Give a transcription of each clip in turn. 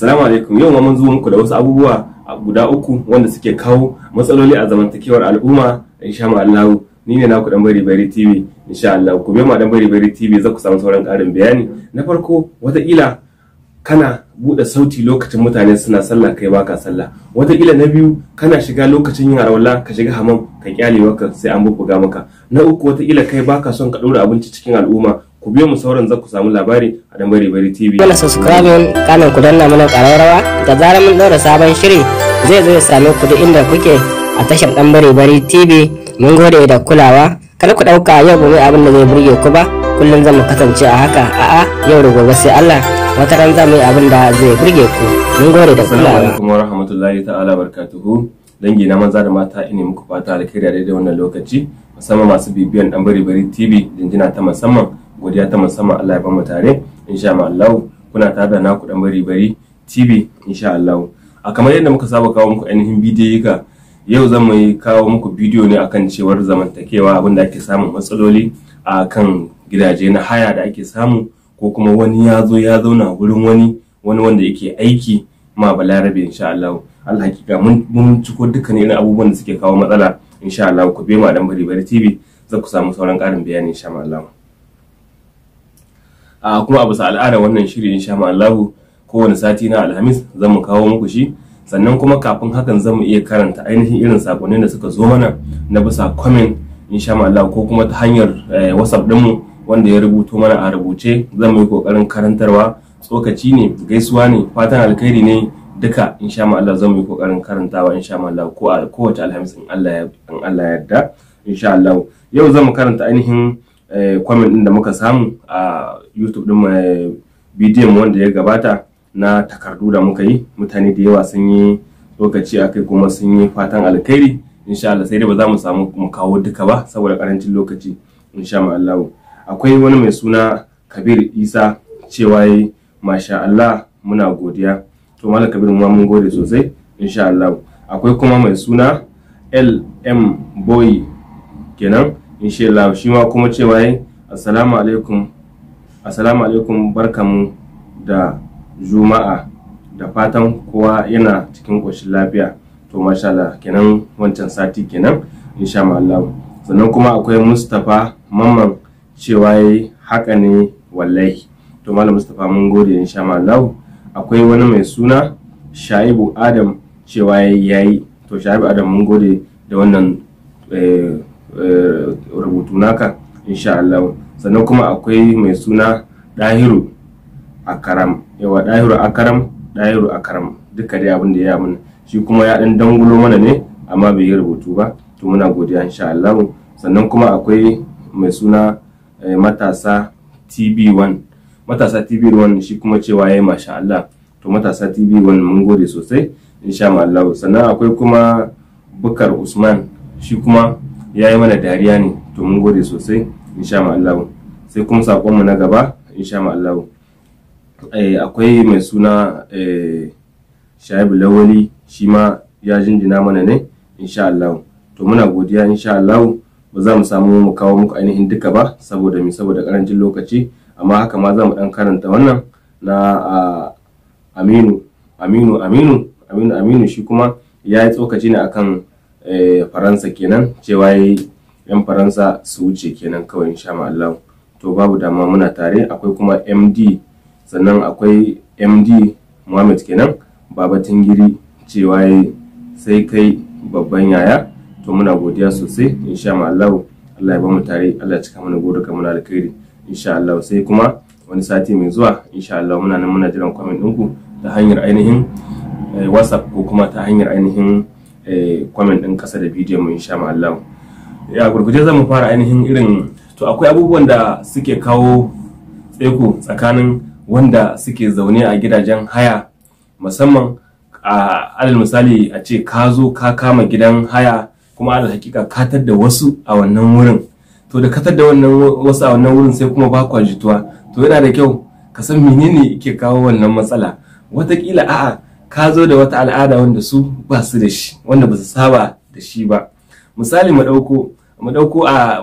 Salamu alaikum yau mun zo muku da wasu abubuwa guda uku wanda suke kawo matsaloli a zamantakewar al'umma insha Allah ni ne naku dan bari bari TV insha Allah ku biyo ma dan bari bari TV za ku samu sauran karin bayani na farko wataƙila kana buɗe sauti lokacin mutane suna sallah kai baka sallah wataƙila na biyu kana shiga lokacin yin arwala ka shiga hamam ka kyale maka sai an bubbuga maka na uku wataƙila kai baka son ka ɗora abinci cikin al'umma ku biyo mu sauran za ku samu labari a dan bari bari tv mana subscribe kana ku danna mana kararrawa da zarar mun daura sabon shiri zai zo ya same ku duk inda kuke a tashar dan bari bari tv mun gode da kulawa kada ku dauka yau gobe abin da zai burge ku ba kullum zan kasance a haka a'a yau da gobe sai Allah wata ran za mu yi abin da zai burge ku mun gode da kulawa assalamu alaikum warahmatullahi ta'ala barkatuhu dangi na maza da mata ina muku fata alkhairi a daidai wannan lokaci musamman masu bibiyan dan bari bari tv jinjina ta musamman godiya ta musamman Allah ya bamu tare insha Allah kuna tare da naku dan bari bari TV insha Allah a kamar yadda muka saba kawo muku ainihin bidiyoyika yau zan yi kawo muku bidiyo ne akan cewar zamantakewa abinda ake samun matsaloli a kan gidaje na haya da ake samu ko kuma wani ya zo ya zauna wurin wani wani wanda yake aiki ma balarabe insha Allah Allah hakika mun ciko dukkan irin abubuwan da suke kawo matsala insha Allah ku bema dan bari bari TV za ku samu sauran karin bayani insha Allah kuma a bisa al'ada wannan shiri insha Allahu kowane sati na Alhamis zan mu kawo muku shi sannan kuma kafin hakan zan mu iya karanta ainihin irin sakonnin da suka zo mana na bisa comment insha Allahu ko kuma ta hanyar eh, WhatsApp dinmu wanda ya rubuto mana a rubuce zan mu yi kokarin karantarwa tsokaci ne gaisuwa ne fatan alkhairi ne duka insha Allah zan yi kokarin karantawa insha Allah ko kowace alhamis in Allah ya yarda insha Allah yau mu karanta ainihin Eh, comment din da muka samu a youtube din eh, bidiyon wanda ya gabata na takardu da muka yi mutane da yawa sun yi lokaci a kai kuma sun yi fatan alkhairi insha Allah sai dai ba za mu samu mu kawo duka ba saboda karancin lokaci insha Allah akwai wani mai suna Kabir Isa cewa yi masha Allah muna godiya to malam Kabir mu mun gode sosai insha Allah akwai kuma mai suna LM Boy kenan inshallah shi ma kuma cewa yi assalamu alaikum assalamu alaikum barkamu da juma'a da fatan kowa yana cikin ƙoshin lafiya to masha Allah kenan wancan sati kenan insha Allah sannan kuma akwai Mustapha Mamman cewa yi haka ne wallahi to malam Mustapha mun gode insha Allah akwai wani mai suna Shaibu Adam cewa yayi to Shaibu Adam mun gode da wannan eh, Eh, rubutu naka insha Allah sannan kuma akwai mai suna dahiru akaram yawa dahiru akaram dahiru akaram duka dai abin da ya mun shi kuma ya dan dangulo mana ne amma bai yi rubutu ba to muna godiya insha Allah sannan kuma akwai mai suna eh, matasa TB1 matasa TB1 shi kuma cewa yayi masha Allah to matasa TB1 mun gode sosai insha Allah sannan akwai kuma Bukar Usman shi kuma ya yi mana dariya ne to mun gode sosai insha Allah sai kuma saƙonmu na gaba insha Allah eh, akwai mai suna eh, shaibu lawali shi ma ya jinjina mana ne insha Allah to muna godiya insha Allah ba za mu samu mu kawo muku ainihin duka ba saboda mi saboda karancin lokaci amma haka ma za mu dan karanta wannan na Aminu Aminu Aminu Aminu Aminu shi kuma ya yi tsokaci ne akan Eh, faransa kenan cewa yi yan faransa su wuce kenan kawai insha Allah to babu dama muna tare akwai kuma md sannan akwai md muhammad kenan baba tingiri cewa yi sai kai babban yaya to muna godiya sosai insha Allah Allah ya ba mu tare Allah ya cika mana gode ka muna alkhairi insha Allah sai kuma wani sati mai zuwa insha Allah muna nan muna jiran comment ɗinku ta hanyar ainihin eh, WhatsApp ko kuma ta hanyar ainihin Eh, comment din kasa da bidiyon mu insha Allah ya gurguje zamu mu fara ainihin irin to akwai abubuwan da suke kawo tseko tsakanin wanda suke zaune a gidajen haya musamman a alal misali a ce ka zo ka kama gidan haya kuma alal hakika ka da wasu a wannan wurin to da ka da wannan wasu a wannan wurin sai kuma ba kwa jituwa to yana da kyau ka san menene ke kawo wannan matsala watakila a'a ka zo da wata al'ada wanda su ba su da shi wanda ba su saba da shi ba misali mu dauko a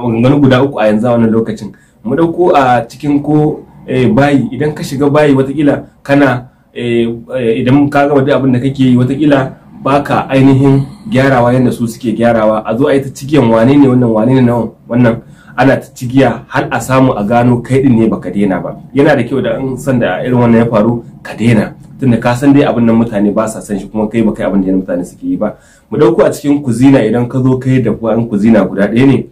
maganganu guda uku a yanzu wannan lokacin mu dauko a cikin ko eh, bayi idan ka shiga bayi watakila kana eh, eh, idan ka gama duk abin da kake yi watakila baka ainihin gyarawa yadda su suke gyarawa a zo a yi ta cigiyan wane ne wannan wane ne nawa wannan ana ta cigiya har a samu a gano kai din ne baka daina ba yana da kyau da an san da irin wannan ya faru ka daina tunda ka san dai abin nan mutane ba sa san shi kuma kai ba kai abin da mutane suke yi ba mu dauko a cikin kuzina idan ka zo kai da an kuzina guda ɗaya ne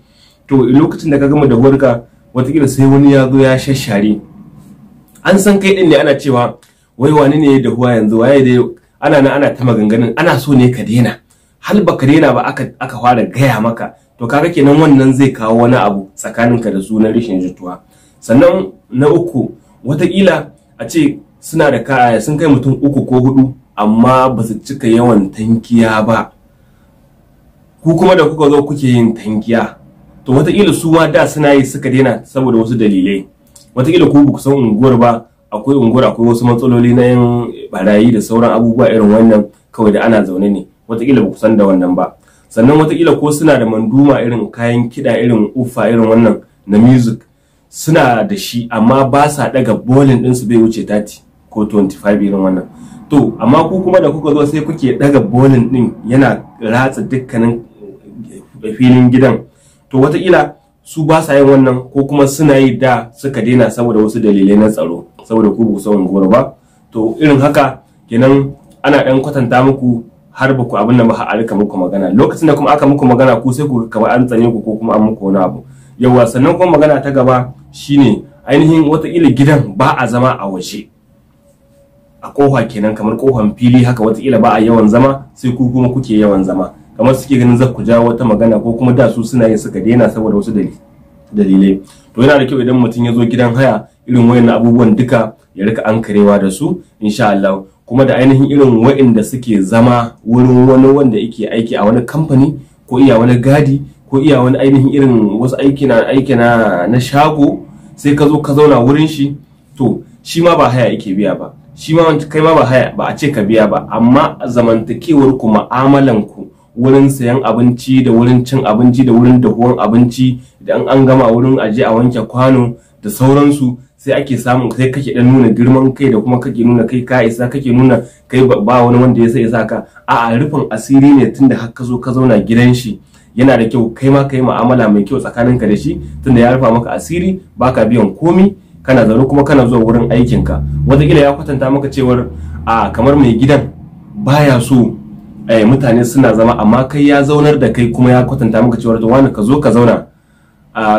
to lokacin da ka gama da warka watakila sai wani ya zo ya shashare an san kai din ne ana cewa wai wani ne da huwa yanzu waye dai ana nan ana ta maganganun ana so ne ka daina hal baka daina ba aka aka fara gaya maka to kaga kenan wannan zai kawo wani abu tsakaninka da sunan na rashin jituwa sannan na uku watakila a ce suna da kaya sun kai mutum uku ko hudu amma ba su cika yawan tankiya ba ku kuma da kuka zo kuke yin tankiya to wataƙila su ma da suna yi suka daina saboda wasu dalilai wataƙila ku ku san unguwar ba akwai unguwar akwai wasu matsaloli na yin barayi da sauran abubuwa irin wannan kawai da ana zaune ne wataƙila ba ku san da wannan ba sannan wataƙila ko suna da manduma irin kayan kiɗa irin ufa irin wannan na music suna da shi amma ba sa ɗaga bolin ɗinsu bai wuce tati ko 25 irin wannan to amma ku kuma da kuka zo sai kuke daga bolin din yana ratsa dukkanin eh, filin gidan to watakila su ba sa yin wannan ko kuma suna yi da suka daina saboda wasu dalilai na tsaro saboda ku ba saman goro ba to irin haka kenan ana ɗan kwatanta muku har ba ku abin nan ba har rika muku magana lokacin da kuma aka muku magana ku sai ku kaba an tsane ku ko kuma an muku wani abu yawa sannan kuma magana ta gaba shine ainihin watakila gidan ba a zama a waje a kofa kenan kamar kofan fili haka wata kila ba a yawan zama sai ku kuma kuke yawan zama kamar suke ganin za ku jawo wata magana ko kuma da su suna yin suka daina saboda wasu dalilai to yana da kyau idan mutum ya zo gidan haya irin wayannan abubuwan duka ya rika ankarewa da su insha Allah kuma da ainihin irin wayanda suke zama wurin wani wanda yake aiki a wani kamfani ko iya wani gadi ko iya wani ainihin irin wasu aiki na aiki na na shago sai ka zo ka zauna wurin shi to shi ma ba haya yake biya ba shi ma kai ma ba haya ba a ce ka biya ba amma zamantakewar ku ma'amalan ku wurin sayan abinci da wurin cin abinci da wurin dahuwan abinci da an an gama wurin aje a wanke kwano da sauransu sai ake samun sai kake dan nuna girman kai da kuma kake nuna kai ka isa kake nuna kai ba wani wanda ya sai isa ka a'a rufin asiri ne tunda har ka zo ka zauna gidan shi yana da kyau kai ma kai mu'amala mai kyau tsakaninka da shi tunda ya rufa maka asiri baka biyan komi kana zaune kuma kana zuwa wurin aikinka wataƙila ya kwatanta maka cewar a kamar mai gidan baya so eh, mutane suna zama amma kai ya zaunar da kai kuma ya kwatanta maka cewar wani ka zo ka zauna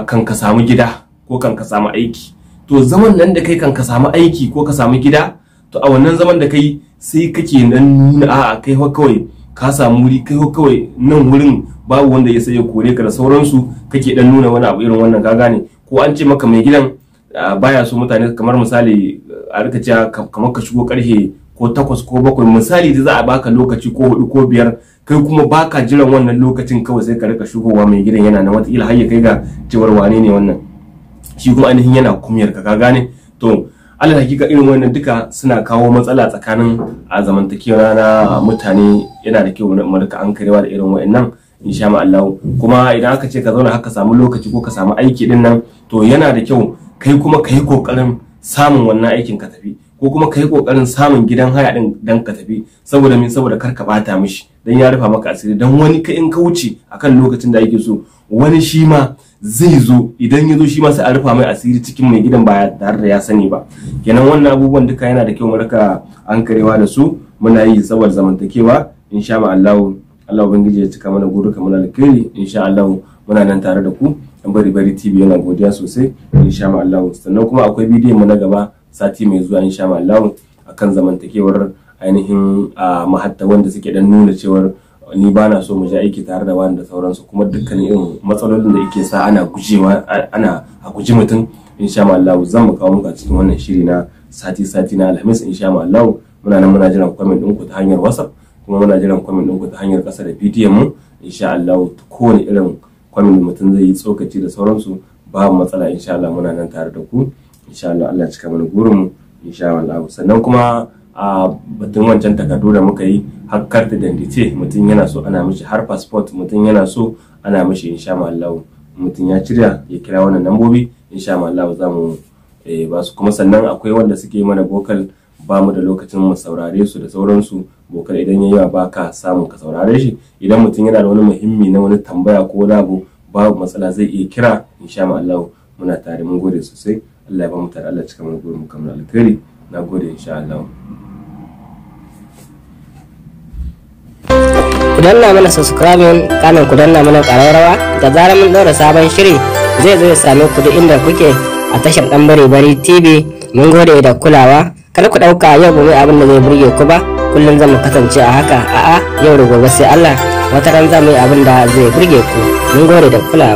kan ka samu gida ko kan ka samu aiki to zaman nan da kai kan ka samu aiki ko ka samu gida to a wannan zaman da kai sai kake nan nuna a kai kawai ka samu wuri kai kawai nan wurin babu wanda ya sai ya kore ka da sauransu kake dan nuna wani abu irin wannan ka gane ko an ce maka mai gidan baya so mutane kamar misali a rika cewa kamar ka shigo karfe ko takwas ko bakwai misali da za a baka lokaci ko hudu ko biyar kai kuma baka jiran wannan lokacin kawai sai ka rika shigowa mai gidan yana na watakila har ya kai ga cewar wane ne wannan shi kuma ainihin yana kumiyar ka gane to alal hakika irin wannan duka suna kawo matsala tsakanin a zamantakewa na mutane yana da kyau mu rika an karewa da irin wa'annan insha Allah kuma idan aka ce ka zauna haka samu lokaci ko ka samu aiki din nan to yana da kyau kai kuma ka yi ƙoƙarin samun wannan aikin ka tafi ko kuma ka yi ƙoƙarin samun gidan haya ɗin dan ka tafi saboda min saboda kar ka bata mishi dan ya rufa maka asiri dan wani ka in ka wuce akan lokacin da yake so wani shi ma zai zo idan ya zo shi ma sai a rufa mai asiri cikin mai gidan ba tare da ya sani ba kenan wannan abubuwan duka yana da kyau mu rika an karewa da su muna yi saboda zamantakewa insha Allah Allah ubangiji ya cika mana guruka kamar alkhairi insha Allah muna nan tare da ku yan bari bari tv yana godiya sosai insha Allah sannan kuma akwai bidiyon mu na gaba sati mai zuwa insha Allah akan zamantakewar ainihin mahatta wanda suke dan nuna cewar ni ba na so mu ja aiki tare da wani da sauransu kuma dukkanin irin matsalolin da yake sa ana gujewa ana a guji mutum insha Allah zan mu kawo muka cikin wannan shiri na sati sati na Alhamis insha Allah muna nan muna jiran comment ɗinku ta hanyar WhatsApp kuma muna jiran comment ɗinku ta hanyar kasa da bidiyon mu insha Allah kowane irin kwamin mutum zai yi tsokaci da sauransu babu matsala insha Allah muna nan tare da ku insha Allah Allah cika mana gurinmu insha Allah sannan kuma a batun wancan takardu da muka yi har da dandice mutum yana so ana mishi har passport mutum yana so ana mishi insha Allah mutum ya cirya ya kira wannan lambobi insha Allah za mu eh, ba su kuma sannan akwai wanda suke mana bokal ba mu da lokacin mu saurare su da sauransu bokar idan ya ba ka samu ka saurare shi idan mutum yana da wani muhimmi na wani tambaya ko wani abu babu matsala zai iya kira insha Allah muna tare mun gode sosai Allah ya ba mu tare Allah cika mana gurin mu kamar alkhairi na gode insha Allah ku danna mana subscribing kanan ku danna mana ƙararrawa da zarar mun daura sabon shiri zai zo ya same ku duk inda kuke a tashar ɗan bare bari tv mun gode da kulawa kada ku ɗauka yau ba zai abin da zai burge ku ba kullum zan mu kasance a haka a'a yau da gobe sai Allah wata ran za mu yi abin da zai burge ku mun gode da kulawa